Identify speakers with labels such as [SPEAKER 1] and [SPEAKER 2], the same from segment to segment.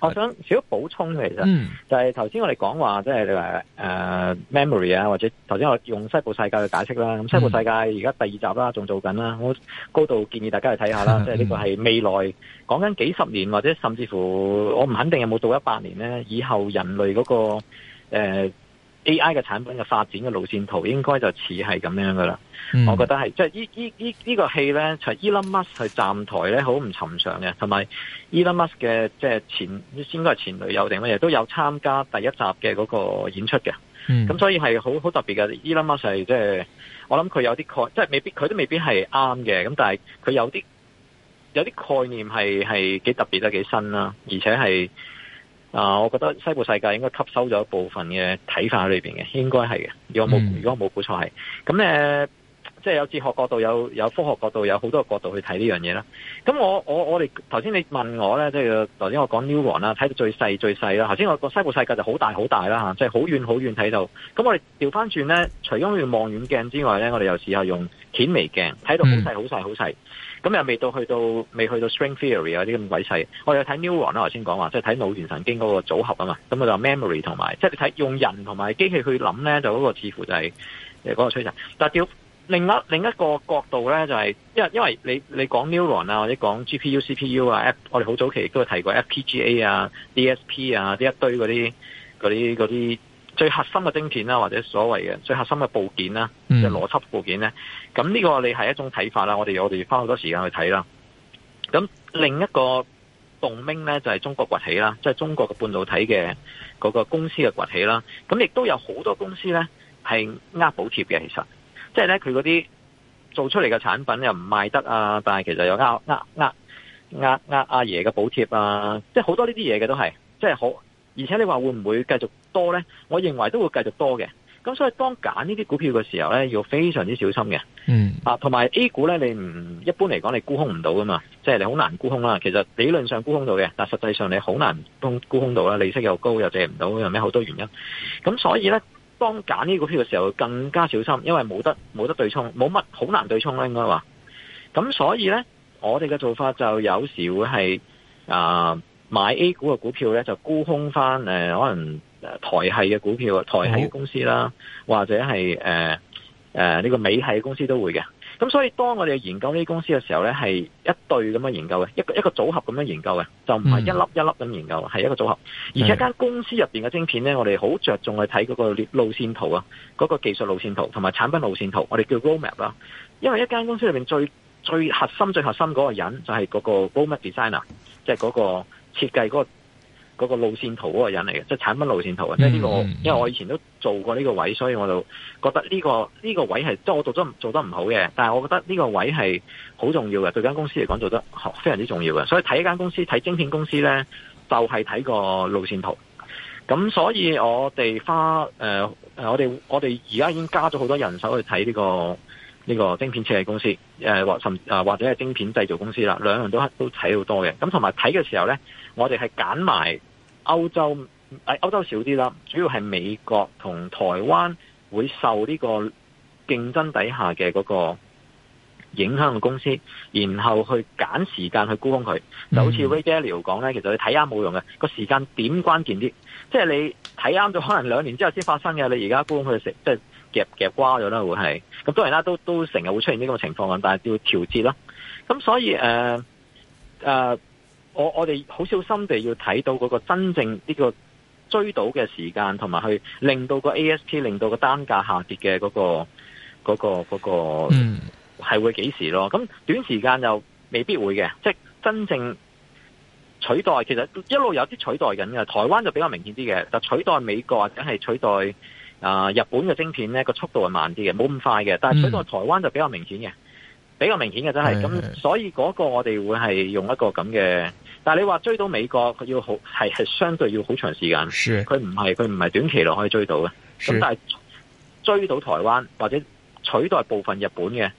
[SPEAKER 1] 我想少少補充，其實就係頭先我哋講話，即係你話誒 memory 啊，或者頭先我用西部世界去解釋啦。咁西部世界而家第二集啦，仲做緊啦，我高度建議大家去睇下啦。即係呢個係未來講緊幾十年，或者甚至乎我唔肯定有冇到一百年咧，以後人類嗰、那個誒。呃 A.I. 嘅產品嘅發展嘅路線圖應該就似係咁樣嘅啦。我覺得係即係依依依呢個戲咧，除 Elon Musk 去站台咧，好唔尋常嘅，同埋 Elon Musk 嘅即係前應該係前女友定乜嘢都有參加第一集嘅嗰個演出嘅。咁、嗯、所以係好好特別嘅。Elon Musk 係即係我諗佢有啲概，即係未必佢都未必係啱嘅。咁但係佢有啲有啲概念係係幾特別得幾新啦，而且係。啊，uh, 我覺得西部世界應該吸收咗一部分嘅睇法喺裏邊嘅，應該係嘅。如果冇，嗯、如果冇估錯係咁誒，即係、呃就是、有哲學角度、有有科學角度、有好多個角度去睇呢樣嘢啦。咁我我我哋頭先你問我咧，即係頭先我講 New 王啦，睇到最細最細啦。頭先我講西部世界就好大好大啦嚇，即係好遠好遠睇到。咁我哋調翻轉咧，除咗用望遠鏡之外咧，我哋又試下用顯微鏡睇到好細好細好細。咁、嗯、又未到去到未去到 string theory 啊啲咁鬼細，我哋睇 neuron 啦，頭先講話即係睇腦元神經嗰個組合啊嘛，咁佢就 memory 同埋，即係你睇用人同埋機器去諗咧，就嗰個似乎就係嗰個趨勢。但係另一另一個角度咧，就係、是、因為因為你你講 neuron 啊或者講 GPU、CPU 啊，我哋好早期都係提過 FPGA 啊、DSP 啊呢一堆嗰啲嗰啲嗰啲。最核心嘅晶片啦，或者所謂嘅最核心嘅部件啦，即係、嗯、邏輯部件咧，咁呢個你係一種睇法啦。我哋我哋花好多時間去睇啦。咁另一個動明咧，就係中國崛起啦，即係中國嘅半導體嘅嗰個公司嘅崛起啦。咁亦都有好多公司咧係呃補貼嘅，其實即係咧佢嗰啲做出嚟嘅產品又唔賣得啊，但係其實又呃呃呃呃呃阿爺嘅補貼啊，即係好多呢啲嘢嘅都係即係好。就是而且你話會唔會繼續多呢？我認為都會繼續多嘅。咁所以當揀呢啲股票嘅時候呢，要非常之小心嘅。嗯，啊，同埋 A 股呢，你唔，一般嚟講，你沽空唔到噶嘛？即係你好難沽空啦。其實理論上沽空到嘅，但實際上你好難沽空到啦。利息又高，又借唔到，又咩好多原因。咁所以呢，嗯、當揀呢啲股票嘅時候更加小心，因為冇得冇得對沖，冇乜好難對沖咧、啊，應該話。咁所以呢，我哋嘅做法就有時會係啊。呃買 A 股嘅股票咧，就沽空翻誒、呃，可能台系嘅股票啊，台系嘅公司啦，好或者係誒誒呢個美系嘅公司都會嘅。咁所以當我哋研究呢啲公司嘅時候咧，係一對咁樣研究嘅，一個一個組合咁樣研究嘅，就唔係一粒一粒咁研究，係、嗯、一個組合。而且間公司入邊嘅晶片咧，我哋好着重去睇嗰個路線圖啊，嗰、嗰個技術路線圖同埋產品路線圖，我哋叫 roadmap 啦。因爲一間公司裏邊最最核心最核心嗰、就係、個人就係嗰、嗰個 roadmap designer，即係嗰個。設計嗰個嗰個路線圖嗰個人嚟嘅，即係產品路線圖啊！即係呢個，mm hmm. 因為我以前都做過呢個位，所以我就覺得呢個呢個位係即係我做得做得唔好嘅，但係我覺得呢個位係好重要嘅，對間公司嚟講做得非常之重要嘅。所以睇一間公司睇晶片公司咧，就係睇個路線圖。咁所以我哋花誒誒、呃，我哋我哋而家已經加咗好多人手去睇呢個呢個晶片設計公司誒、呃，或甚或者係晶片製造公司啦，兩樣都都睇好多嘅。咁同埋睇嘅時候咧。我哋係揀埋歐洲，誒歐洲少啲啦，主要係美國同台灣會受呢個競爭底下嘅嗰個影響嘅公司，然後去揀時間去沽空佢，就好似 Ray Dalio 講咧，嗯、其實你睇啱冇用嘅，個時間點關鍵啲，即係你睇啱咗可能兩年之後先發生嘅，你而家沽空佢即係夾夾瓜咗啦，會係咁，當然啦，都都成日會出現呢個情況，但係都要調節啦，咁所以誒、呃呃我我哋好小心地要睇到嗰個真正呢個追到嘅時間，同埋去令到個 ASP 令到個單價下跌嘅嗰個嗰個嗰個，嗯、嗰個，係、嗰個嗰個、會幾時咯？咁短時間就未必會嘅，即係真正取代其實一路有啲取代緊嘅。台灣就比較明顯啲嘅，就取代美國或者係取代、呃、日本嘅晶片咧個速度係慢啲嘅，冇咁快嘅。但係取代台灣就比較明顯嘅，嗯、比較明顯嘅真係。咁是的 所以嗰個我哋會係用一個咁嘅。但係你話追到美國，佢要好係係相對要好長時間，佢唔係佢唔係短期內可以追到嘅。咁是但係追到台灣或者取代部分日本嘅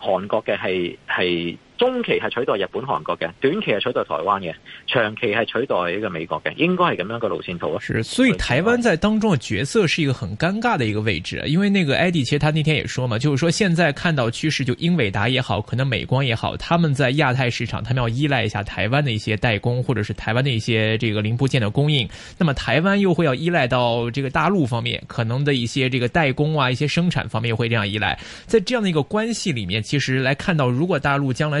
[SPEAKER 1] 韓國嘅係係。中期係取代日本、韓國嘅，短期係取代台灣嘅，長期係取代呢個美國嘅，應該係咁樣個路線圖。是，
[SPEAKER 2] 所以台灣在當中嘅角色是一個很尷尬的一個位置，因為那個艾迪其實他那天也說嘛，就是說現在看到趨勢就英偉達也好，可能美光也好，他們在亞太市場他們要依賴一下台灣的一些代工，或者是台灣的一些這個零部件的供應。那麼台灣又會要依賴到這個大陸方面可能的一些這個代工啊，一些生產方面又會這樣依賴。在這樣的一個關係裏面，其實來看到如果大陸將來。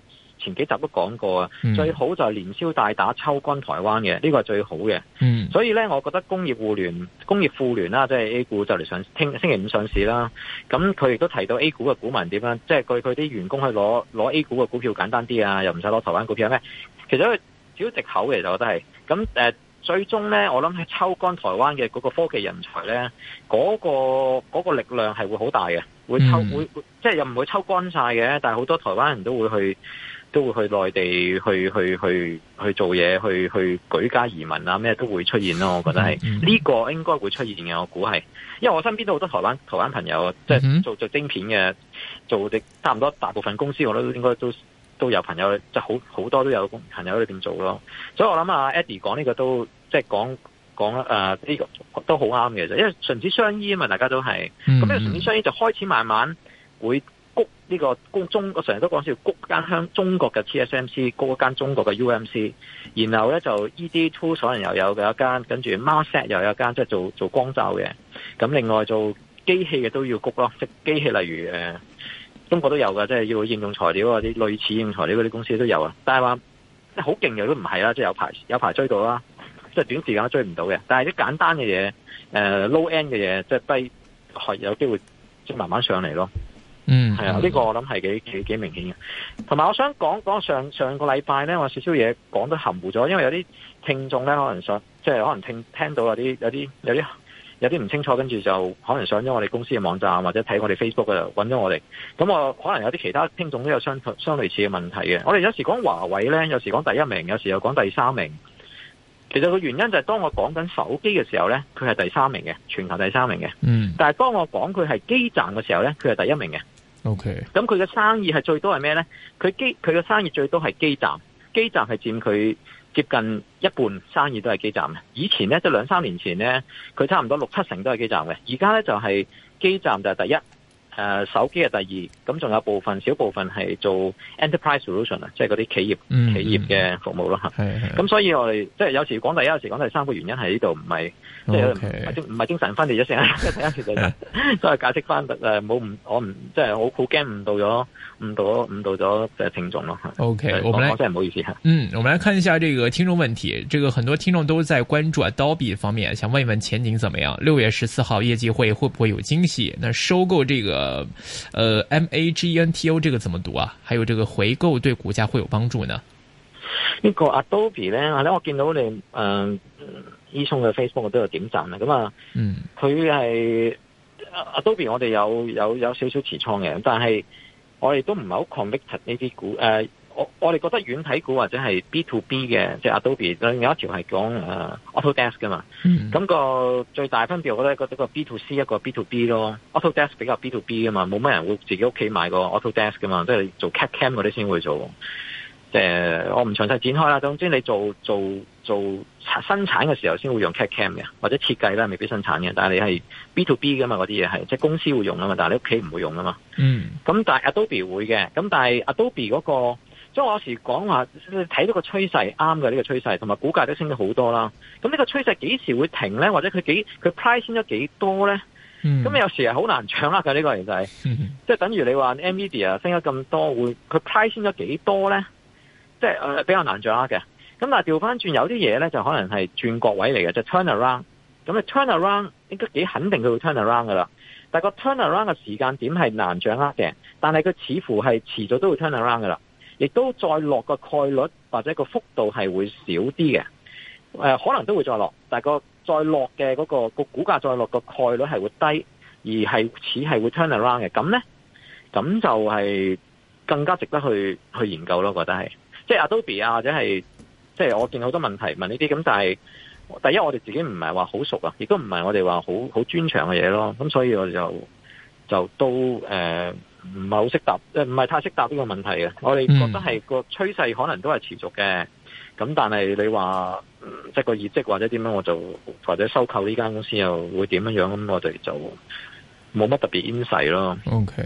[SPEAKER 1] 前幾集都講過啊，最好就係連消帶打抽乾台灣嘅，呢個係最好嘅。嗯、所以呢，我覺得工業互聯、工業富聯啦，即係 A 股就嚟上聽星期五上市啦。咁佢亦都提到 A 股嘅股民點樣，即係據佢啲員工去攞攞 A 股嘅股票簡單啲啊，又唔使攞台灣股票咩？其實少藉口嘅，我覺得係咁誒。那最終呢，我諗係抽乾台灣嘅嗰個科技人才呢，嗰、嗰個嗰個力量係會好大嘅，會抽、嗯、會即係又唔會抽乾晒嘅，但係好多台灣人都會去。都會去內地去去去去做嘢，去去，去，去，去，去舉家移民啊咩都會出現咯，我覺得係呢、mm hmm. 個應該會出現嘅，我估係，因為我身邊都好多台灣台灣朋友，即、就、係、是、做做晶片嘅，做啲差唔多大部分公司，我覺得應該都、mm hmm. 都，都有朋友，即係好好多都有朋友喺度做咯。所以我諗啊，Eddie 講呢個都即係講講誒呢個都好啱嘅，就因為唇齒相依啊嘛，大家都係咁呢個唇齒相依就開始慢慢會。谷呢、這個谷中我成日都講笑谷間香中國嘅 TSMC，谷間中國嘅 UMC，然後咧就 e d tool 能又有嘅一間，跟住 mask 又有一間，即係做做光罩嘅。咁另外做機器嘅都要谷咯，即係機器例如誒、呃，中國都有嘅，即係要應用材料啊，啲類似應用材料嗰啲公司都有啊。但係話即係好勁又都唔係啦，即係有排有排追到啦，即係短時間都追唔到嘅。但係啲簡單嘅嘢，誒、呃、low end 嘅嘢，即係低，係有機會即係慢慢上嚟咯。嗯，係啊，呢、這個我諗係幾幾幾明顯嘅。同埋，我想講講上上個禮拜咧，我少少嘢講得含糊咗，因為有啲聽眾咧，可能想即係可能聽聽到有啲有啲有啲有啲唔清楚，跟住就可能上咗我哋公司嘅網站或者睇我哋 Facebook 嘅，揾咗我哋。咁我可能有啲其他聽眾都有相相類似嘅問題嘅。我哋有時講華為咧，有時講第一名，有時又講第三名。其實個原因就係當我講緊手機嘅時候咧，佢係第三名嘅，全球第三名嘅。嗯。但係當我講佢係基站嘅時候咧，佢係第一名嘅。OK，咁佢嘅生意係最多係咩咧？佢基佢嘅生意最多係基站，基站係佔佢接近一半生意都係基站嘅。以前咧，即兩三年前咧，佢差唔多六七成都係基站嘅。而家咧就係基站就係第一。誒，uh, 手機係第二，咁仲有部分少部分係做 enterprise solution 啊，即係嗰啲企業、嗯、企業嘅服務咯吓。咁是所以我哋即係有時講第一，有時講第三，個原因係呢度，唔係即係唔唔係精神分裂咗先啊？即其實都係解釋返誒，冇、呃、唔我唔即係好好驚唔到咗。誤導咗，誤導咗啲聽眾咯。OK，以我們真係唔好意思
[SPEAKER 2] 吓。嗯，我們來看一下這個聽眾問題。這個很多聽眾都在關注 Adobe 方面，想問一問前景怎麼樣？六月十四號業績會會不會有驚喜？那收購這個、呃、，M A G N T O 這個怎麼讀啊？還有這個回購對股價會有幫助呢？
[SPEAKER 1] 呢個 Adobe 呢？我見到你，嗯、呃，Eason 嘅 Facebook 都有點贊啊。咁啊，嗯，佢係 Adobe，我哋有有有少少持倉嘅，但係。我哋都唔係好 convicted 呢啲股，誒，我我哋覺得軟體股或者係 B to B 嘅即、就是、Adobe，有一條係講、呃、Autodesk 㗎嘛，咁、嗯、個最大分別，我覺得、我覺得一個 B to C 一個 B to B 咯，Autodesk 比較 B to B 㗎嘛，冇乜人會自己屋企買個 Autodesk 㗎嘛，即係做 cat cam 嗰啲先會做。即我唔詳細展開啦。總之你做做做生產嘅時候先會用 CAD CAM 嘅，或者設計啦，未必生產嘅。但係你係 B to B 㗎嘛，嗰啲嘢係即係公司會用啊嘛。但係你屋企唔會用啊嘛。嗯。咁但係 Adobe 會嘅。咁但係 Adobe 嗰、那個，即我有時講話睇到個趨勢啱嘅，呢個趨勢，同埋、這個、股價都升咗好多啦。咁呢個趨勢幾時會停咧？或者佢幾佢 price 先咗幾多咧？咁、嗯、有時係好難掌握嘅呢個人就係、是， 即係等於你話 Nvidia 升咗咁多，會佢 price 咗幾多咧？即係比較難掌握嘅，咁但係調翻轉有啲嘢咧就可能係轉角位嚟嘅，就 turn around。咁啊 turn around 應該幾肯定佢會 turn around 㗎啦。但係個 turn around 嘅時間點係難掌握嘅，但係佢似乎係遲早都會 turn around 㗎啦。亦都再落個概率或者個幅度係會少啲嘅、呃。可能都會再落，但係個再落嘅嗰個、個股價再落個概率係會低，而係似係會 turn around 嘅。咁咧，咁就係更加值得去去研究咯，覺得係。即係 Adobe 啊，或者係即係我見到好多問題問呢啲咁，但係第一我哋自己唔係話好熟啊，亦都唔係我哋話好好專長嘅嘢咯。咁所以我就就都誒唔係好識答，即係唔係太識答呢個問題嘅。我哋覺得係個趨勢可能都係持續嘅，咁但係你話、嗯、即係個業績或者點樣，我就或者收購呢間公司又會點樣樣，咁我哋就。冇乜特別陰勢咯。
[SPEAKER 2] OK，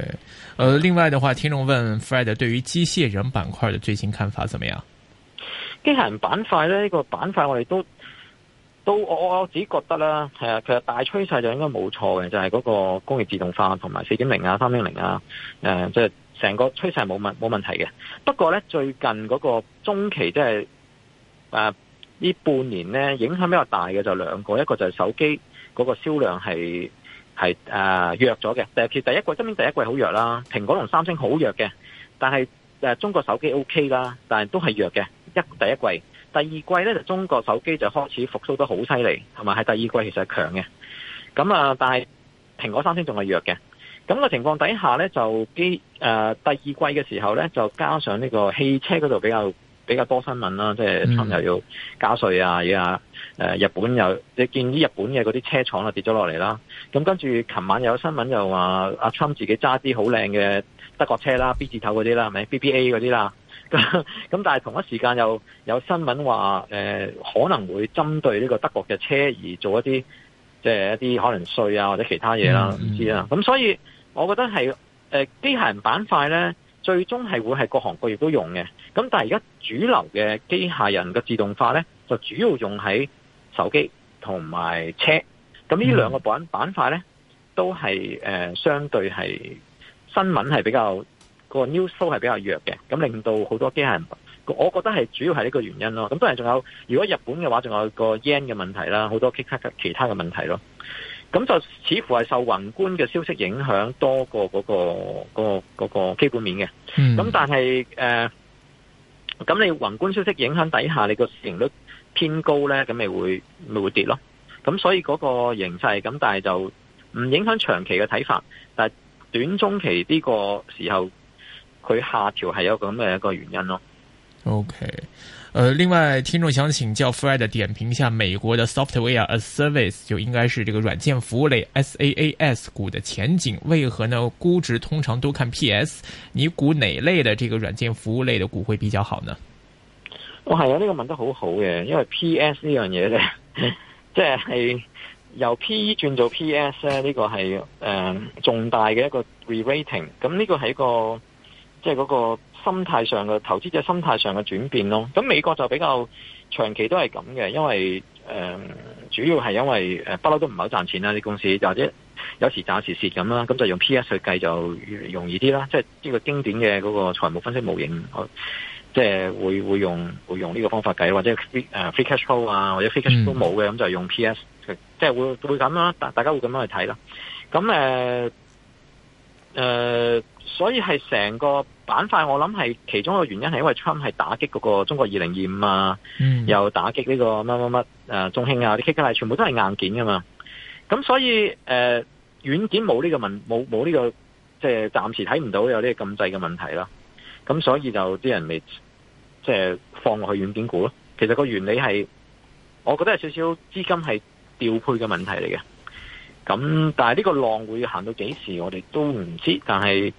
[SPEAKER 2] 誒，另外的話，聽眾問 Fred 對於機械人板塊的最新看法怎麼樣？
[SPEAKER 1] 機械人板塊咧，呢個板塊我哋都都我我，我自己覺得啦，係啊，其實大趨勢就應該冇錯嘅，就係嗰個工業自動化同埋四點零啊、三點零啊，誒，即係成個趨勢冇問冇問題嘅。不過咧，最近嗰個中期即係誒呢半年咧，影響比較大嘅就兩個，一個就係手機嗰個銷量係。係誒、呃、弱咗嘅，其實第一季今年第一季好弱啦，蘋果同三星好弱嘅，但係誒、呃、中國手機 OK 啦，但係都係弱嘅一第一季，第二季咧就中國手機就開始復蘇得好犀利，同埋係第二季其實係強嘅，咁啊但係蘋果三星仲係弱嘅，咁、那、嘅、個、情況底下咧就基誒、呃、第二季嘅時候咧就加上呢個汽車嗰度比較。比較多新聞啦，即係 t r 又要加稅啊。而家日本又你見啲日本嘅嗰啲車廠啊，跌咗落嚟啦。咁跟住，琴晚有新聞又話阿昌 m 自己揸啲好靚嘅德國車啦，B 字頭嗰啲啦，咪 BBA 嗰啲啦？咁但係同一時間又有新聞話可能會針對呢個德國嘅車而做一啲即係一啲可能稅啊或者其他嘢啦，唔知啦。咁所以我覺得係機械人板塊呢。最終係會係各行各業都用嘅，咁但係而家主流嘅機械人嘅自動化呢，就主要用喺手機同埋車，咁呢兩個板板塊呢，都係誒、呃、相對係新聞係比較、這個 news flow 係比較弱嘅，咁令到好多機械人，我覺得係主要係呢個原因咯。咁當然仲有，如果日本嘅話，仲有個 yen 嘅問題啦，好多其他嘅問題咯。咁就似乎係受宏觀嘅消息影響多過嗰、嗰個、嗰、嗰個、嗰、嗰個嗰個基本面嘅。咁但係誒，咁、呃、你宏觀消息影響底下，你個市盈率偏高呢，咁咪會咪會跌咯。咁所以嗰個形勢，咁但係就唔影響長期嘅睇法，但係短中期呢個時候，佢下調係有咁嘅一個原因咯。
[SPEAKER 2] OK。呃，另外聽眾想請教 Fred 點評一下美國的 software as service 就應該是這個軟件服務類 SaaS 股的前景，為何呢？估值通常都看 PS，你估哪類的這個軟件服務類的股會比較好呢？
[SPEAKER 1] 我係啊，呢、呢個問得好好嘅，因為 PS 呢樣嘢呢，呵呵即係由 PE 轉做 PS 呢個係誒、呃、重大嘅一個 re-rating，咁、嗯、呢、呢個係一個即係嗰、那個。心態上嘅投資者心態上嘅轉變咯，咁美國就比較長期都係咁嘅，因為誒、呃、主要係因為誒不嬲都唔係好賺錢啦啲公司，或者有時賺有時蝕咁啦，咁就用 P S 去計就容易啲啦，即係呢個經典嘅嗰個財務分析模型，我、呃、即係會會用會用呢個方法計，或者誒 free cash flow 啊或者 free cash flow 都冇嘅，咁就用 P S，即係會會咁啦，大大家會咁樣去睇啦，咁誒誒。呃呃所以係成個板塊，我諗係其中一個原因係因為 Trump 係打擊嗰個中國二零二五啊，嗯、又打擊呢個乜乜乜誒中興啊啲 K K 全部都係硬件噶嘛。咁所以誒軟、呃、件冇呢、這個問冇冇呢個即係暫時睇唔到有呢個禁制嘅問題啦。咁所以就啲人咪即係放落去軟件股咯。其實個原理係，我覺得係少少資金係調配嘅問題嚟嘅。咁，但係呢個浪會行到幾時，我哋都唔知。但係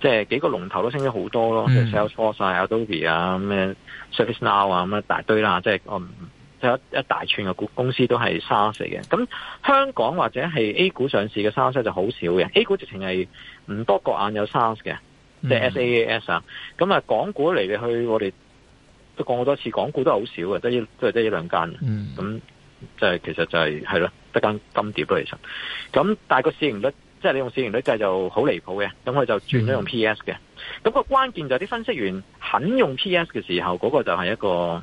[SPEAKER 1] 即係幾個龍頭都升咗好多咯，即係、mm. Salesforce 啊、Adobe 啊、咩 ServiceNow 啊咁一大堆啦，即係我唔有一一大串嘅公司都係 saas 嚟嘅。咁香港或者係 A 股上市嘅 saas 就好少嘅，A 股直情係唔多個眼有 SaaS 嘅，mm. 即係 SaaS 啊。咁啊、嗯，港股嚟嚟去，我哋都講好多次，港股都係好少嘅，得都係得一兩間。咁、就是。Mm. 嗯即係其實就係係咯得間金碟咯其實，咁但係個市盈率即係、就是、你用市盈率計就好離譜嘅，咁佢就轉咗用 P S 嘅、嗯。咁個關鍵就係啲分析員肯用 P S 嘅時候，嗰、那個就係一個。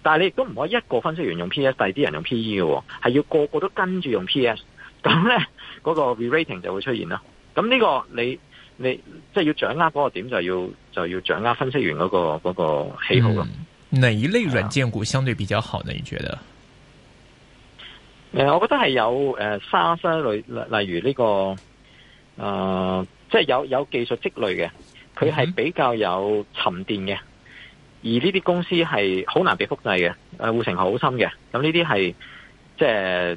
[SPEAKER 1] 但係你亦都唔可以一個分析員用 P S，第啲人用 P E 嘅，係要個個都跟住用 P S。咁咧嗰個 re-rating 就會出現啦。咁呢個你你即係、就是、要掌握嗰個點，就要就要掌握分析員嗰、那個、那個喜好咯。
[SPEAKER 2] 哪一類軟件股相對比較好呢？你覺得？
[SPEAKER 1] 誒、呃，我覺得係有誒，沙、呃、山例如呢、這個，誒、呃，即係有有技術積累嘅，佢係比較有沉澱嘅，而呢啲公司係好難被複製嘅，誒、呃，護城河好深嘅，咁呢啲係即係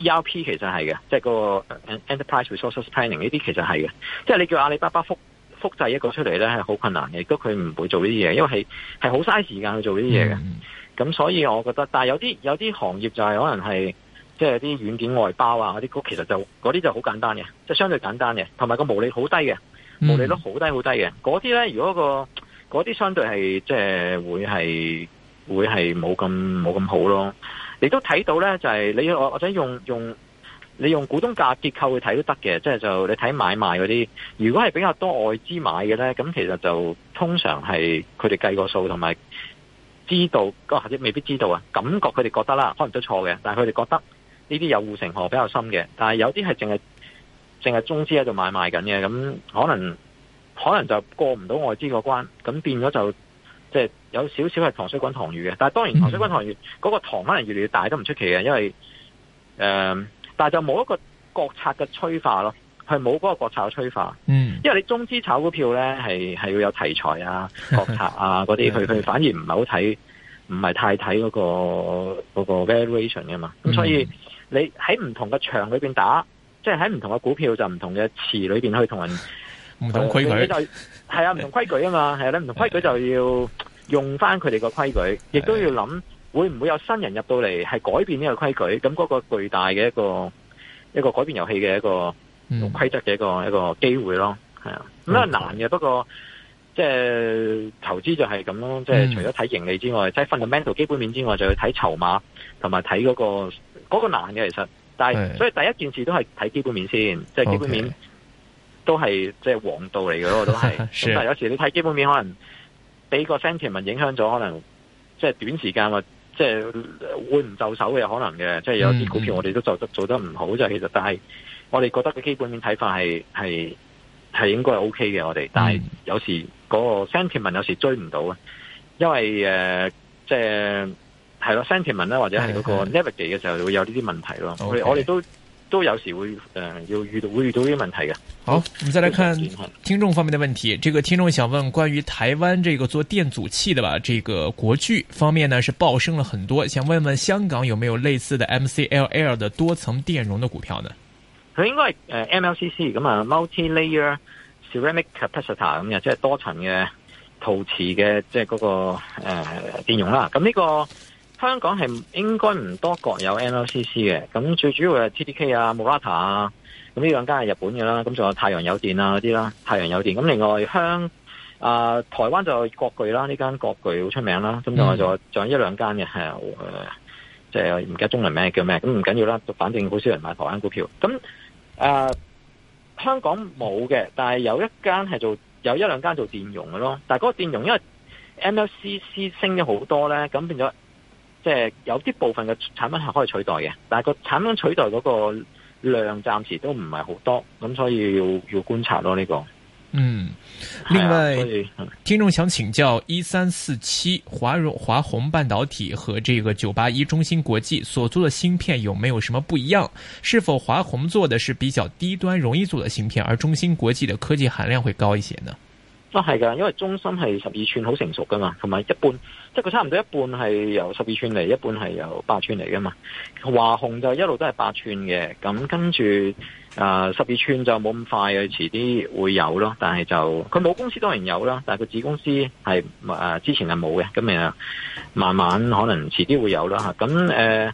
[SPEAKER 1] ERP 其實係嘅，即係個 Enterprise resources planning 呢啲其實係嘅，即係你叫阿里巴巴複複製一個出嚟咧係好困難嘅，亦都佢唔會做呢啲嘢，因為係係好嘥時間去做呢啲嘢嘅，咁、嗯、所以我覺得，但係有啲有啲行業就係可能係。即係啲軟件外包啊，嗰啲股其實就嗰啲就好簡單嘅，即係相對簡單嘅，同埋個毛利好低嘅，嗯、毛利率好低好低嘅。嗰啲呢，如果、個嗰啲相對係即係會係會係冇咁冇咁好咯。你都睇到呢，就係、是、你我或者用用你用股東價格結構去睇都得嘅，即、就、係、是、就你睇買賣嗰啲，如果係比較多外資買嘅呢，咁其實就通常係佢哋計個數同埋知道個或者未必知道啊，感覺佢哋覺得啦，可能都錯嘅，但係佢哋覺得。呢啲有護城河比較深嘅，但係有啲係淨係淨係中資喺度買賣緊嘅，咁可能可能就過唔到外資個關，咁變咗就即係、就係、有少少係糖水滾糖漿嘅。但係當然糖水滾糖漿嗰、嗯、個糖可能越嚟越大都唔出奇嘅，因為誒、呃，但係就冇一個國策嘅催化咯，佢冇嗰個國策嘅催化。嗯，因為你中資炒股票咧係係要有題材啊、國策啊嗰啲，佢佢 反而唔係好睇，唔係太睇嗰、嗰個嗰、嗰個 valuation 嘅嘛，咁所以。嗯。你喺唔同嘅場裏邊打，即係喺唔同嘅股票就唔、是、同嘅池裏邊去同人唔
[SPEAKER 2] 同規矩，
[SPEAKER 1] 就係啊唔同規矩啊嘛，係、 啊、你唔同規矩就要用翻佢哋個規矩，亦 都要諗會唔會有新人入到嚟係改變呢個規矩，咁、那、嗰個巨大嘅一個一個改變遊戲嘅一個規則嘅一個一個機會咯，係啊咁啊、嗯、難嘅，不過即係投資就係咁咯，即係除咗睇盈利之外，嗯、即係 fundamental 基本面之外，就要睇籌碼同埋睇嗰個。嗰個難嘅其實，但係是所以第一件事都係睇基本面先，即、就、係、是、基本面都係 Okay. 即係王道嚟嘅咯，都係。 但係有時你睇基本面，可能俾個 sentiment 影響咗，可能即係短時間或即係會唔就手嘅可能嘅，即係有啲股票我哋都做得做得唔好就係其實。但係我哋覺得個基本面睇法係係係應該係 OK 嘅，我哋。但係是、嗯、有時嗰個 sentiment 有時追唔到啊，因為誒、呃、即係。係咯，sentiment 咧，或者係個 e 嘅時候會有呢啲問題咯。Okay 我哋都都有時會誒、呃、要遇到會遇到呢啲問題嘅。
[SPEAKER 2] 好，我哋再嚟看聽眾方面的問題，這個聽眾想問關於台灣這個做電阻器的吧，這個國巨方面呢是暴升了很多，想問問香港有沒有類似的 MCLL 的多層電容的股票
[SPEAKER 1] 呢？佢應該係 MLCC 咁啊，multi-layer ceramic capacitor 咁嘅，即係多層嘅陶瓷嘅即係嗰、那個誒、呃、電容啦。咁、嗯、呢、這個。香港係應該唔多國有 MLCC 嘅，咁最主要係 TDK 啊、Murata 啊，咁呢兩間係日本嘅啦，咁仲有太陽有電啊嗰啲啦，太陽有電。咁另外香啊、呃、台灣就有國巨啦，呢間國巨好出名啦，咁就仲有仲有一兩間嘅係誒，即係唔記得中文名叫咩，咁唔緊要啦，反正好少人買台灣股票。咁誒、呃、香港冇嘅，但係有一間係做有一兩間做電容嘅咯，但係嗰個電容因為 MLCC 升咗好多咧，咁變咗。有啲部分嘅產品係可以取代嘅，但係個產品取代嗰個量暫時都唔係好多，咁所以要要觀察咯呢、這個。嗯，
[SPEAKER 2] 另外、啊嗯，聽眾想請教一三四七華融華虹半導體和這個九八一中芯國際所做嘅芯片有沒有什麼不一樣？是否華虹做的是比較低端容易做嘅芯片，而中芯國際嘅科技含量會高一些呢？
[SPEAKER 1] 都係噶，因為中芯係十二寸好成熟噶嘛，同埋一半即係佢差唔多一半係由十二寸嚟，一半係由八寸嚟噶嘛。華虹就一路都係八寸嘅，咁跟住啊十二寸就冇咁快啊，遲啲會有咯。但係就佢母公司當然有啦，但係佢子公司係誒、呃、之前係冇嘅，咁啊慢慢可能遲啲會有啦吓。咁誒。呃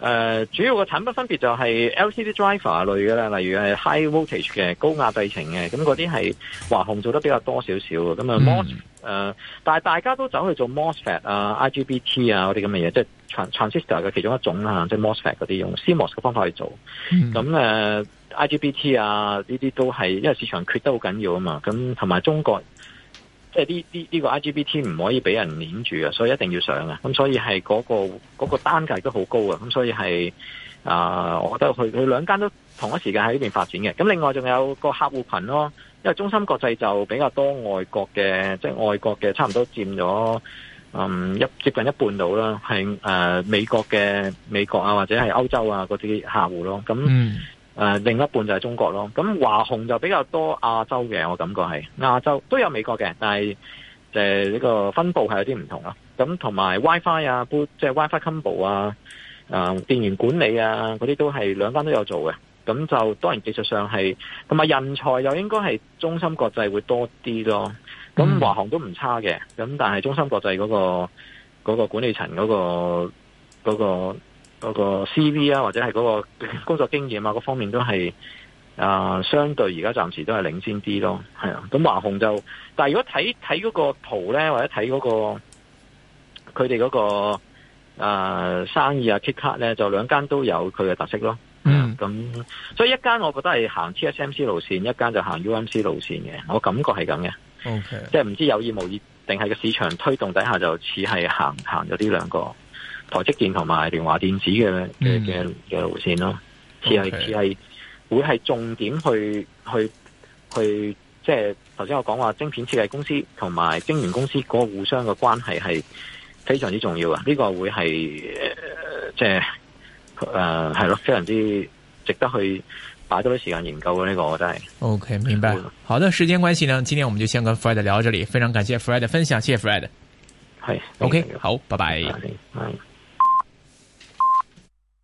[SPEAKER 1] 誒、呃，主要個產品分別就係 L C D driver 類嘅啦，例如係 high voltage 嘅高壓製程嘅，咁嗰啲係華虹做得比較多少少咁啊 mos 誒，但係大家都走去做 mosfet 啊、I G B T 啊嗰啲咁嘅嘢，即係、就是、transistor 嘅其中一種啦，即、就、係、是、mosfet 嗰啲用 CMOS 嘅方法去做，咁誒、嗯 uh, I G B T 啊呢啲都係因為市場缺得好緊要啊嘛，咁同埋中國。即係呢呢呢個 IGBT 唔可以俾人捏住啊，所以一定要上啊，咁所以係嗰、那個嗰、那個單價都好高啊，咁所以係啊、呃，我覺得佢佢兩間都同一時間喺呢邊發展嘅，咁另外仲有個客戶群咯，因為中芯國際就比較多外國嘅，即係外國嘅差唔多佔咗嗯一接近一半度啦，係誒、呃、美國嘅美國啊或者係歐洲啊嗰啲客戶咯，咁。嗯誒、呃、另一半就係中國咯，咁華虹就比較多亞洲嘅，我感覺係亞洲都有美國嘅，但係呢、呃，這個分佈係有啲唔同咯。咁同埋 WiFi 啊，即係、就是、WiFi combo 啊、呃，電源管理啊嗰啲都係兩間都有做嘅。咁就當然技術上係，同埋人才又應該係中芯國際會多啲咯。咁華虹都唔差嘅，咁但係中芯國際嗰、那個嗰、那個管理層嗰個嗰個。那個嗰個 CV 啊，或者係嗰個工作經驗啊，嗰方面都係啊、呃，相對而家暫時都係領先啲咯。係啊，咁華雄就，但係如果睇睇嗰個圖咧，或者睇嗰、那個佢哋嗰個啊、呃、生意啊，K i c 卡咧，就兩間都有佢嘅特色咯。嗯、mm. 啊，咁所以一間我覺得係行 TSMC 路線，一間就行 UMC 路線嘅，我感覺係咁嘅。O K，即係唔知有意無意，定係個市場推動底下就似係行行咗呢兩個。台積電同埋聯華電子嘅嘅嘅路線咯，
[SPEAKER 2] 似係似係
[SPEAKER 1] 會係重點去去去，即係頭先我講話晶片設計公司同埋晶圓公司嗰個互相嘅關係係非常之重要啊！呢、這個會係、呃、即係誒係咯，非常之值得去擺多啲時間研究嘅呢、這個，我覺得係。
[SPEAKER 2] O.K. 明白。是好的，時間關係呢，今天我們就先跟 Fred 聊到這裡，非常感謝 Fred 嘅分享，謝謝 Fred。係的。O.K. 好，拜拜。